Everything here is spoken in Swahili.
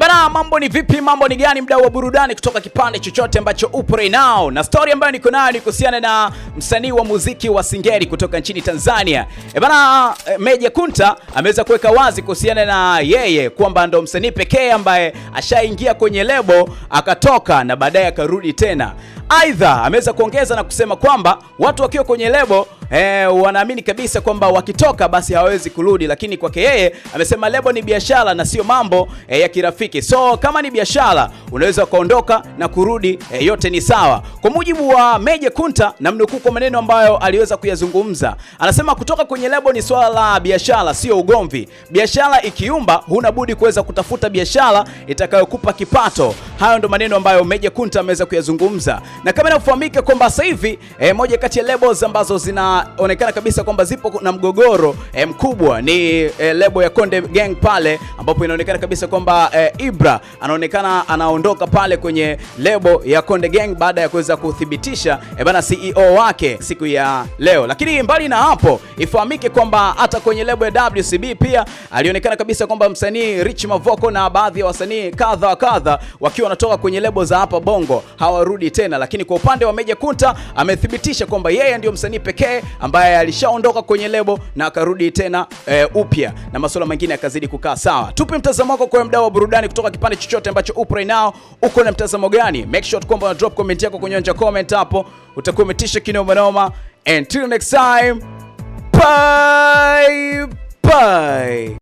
Bana, mambo ni vipi? Mambo ni gani, mdau wa burudani kutoka kipande chochote ambacho upo right now. Na story ambayo niko nayo ni kuhusiana na msanii wa muziki wa Singeli kutoka nchini Tanzania. E bana, eh, Meja Kunta ameweza kuweka wazi kuhusiana na yeye kwamba ndo msanii pekee ambaye ashaingia kwenye lebo akatoka na baadaye akarudi tena. Aidha, ameweza kuongeza na kusema kwamba watu wakiwa kwenye lebo E, wanaamini kabisa kwamba wakitoka basi hawawezi kurudi, lakini kwake yeye amesema lebo ni biashara na sio mambo e, ya kirafiki. So kama ni biashara unaweza ukaondoka na kurudi e, yote ni sawa. Kwa mujibu wa Meja Kunta, namnukuu kwa maneno ambayo aliweza kuyazungumza, anasema kutoka kwenye lebo ni swala la biashara, sio ugomvi. Biashara ikiumba, huna budi kuweza kutafuta biashara itakayokupa kipato. Hayo ndo maneno ambayo Meja Kunta ameweza kuyazungumza, na kama inafahamika kwamba sasa hivi e, moja kati ya lebo ambazo zina inaonekana kabisa kwamba zipo na mgogoro e, mkubwa ni e, lebo ya Konde Gang pale ambapo inaonekana kabisa kwamba e, Ibra anaonekana anaondoka pale kwenye lebo ya Konde Gang baada ya kuweza kuthibitisha e, bana CEO wake siku ya leo. Lakini mbali na hapo, ifahamike kwamba hata kwenye lebo ya WCB pia alionekana kabisa kwamba msanii Rich Mavoko na baadhi ya wasanii kadha wa kadha wakiwa wanatoka kwenye lebo za hapa Bongo hawarudi tena, lakini kwa upande wa Meja Kunta amethibitisha kwamba yeye ndio msanii pekee ambaye alishaondoka kwenye lebo na akarudi tena e, upya na masuala mengine yakazidi kukaa sawa. Tupe mtazamo wako kwa mdau wa burudani kutoka kipande chochote ambacho upo right now, uko na mtazamo gani? Make sure kwamba una drop comment yako kwenye nja comment hapo, utakuwa umetisha kinoma noma. Until next time, bye bye.